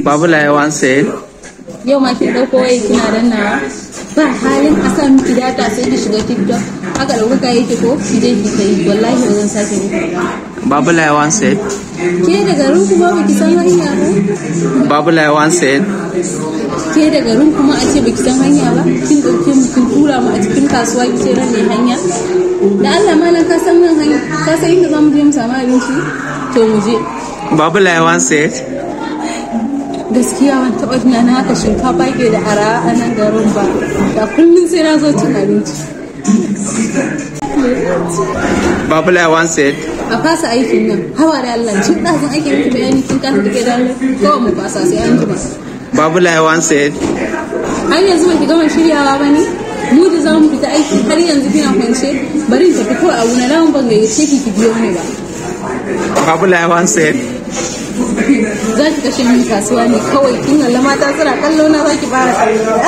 Babula ya sai Yau ma kin dauko wai kina wa. Ba halin a sa miki data sai ki shiga TikTok. Haka da kuka yake ko ki je ki kai wallahi wannan sake ne Babula ya sai Ke da garin kuma ba ki san hanya ba? Babula ya sai Ke da garin kuma a ce ba ki san hanya ba? Kin dauke mu kin tura mu a cikin kasuwa ki ce ran ne hanya? Da Allah nan ka san hanya ka san inda zamu je mu samu abinci? To mu je. Babula ya sai gaskiya ban taɓa tunanin haka shinkafa ke da ara a nan garin ba da kullum sai na zo cin abinci Babula once said a fasa aikin nan hawa da Allah cin ɗazin aikin kuma yanki nikin kasa da ke da kawai mu fasa sai an jima Babula once said har yanzu ba ki gama shiryawa ba ne mu da za mu fita aiki har yanzu kina kwance bari in tafi ko a wuna lamun ban gayyace ki ki biyo ni ba Babula once said za ki kashe min kasuwa ne kawai kin lalla mata suna kallo na za ki fara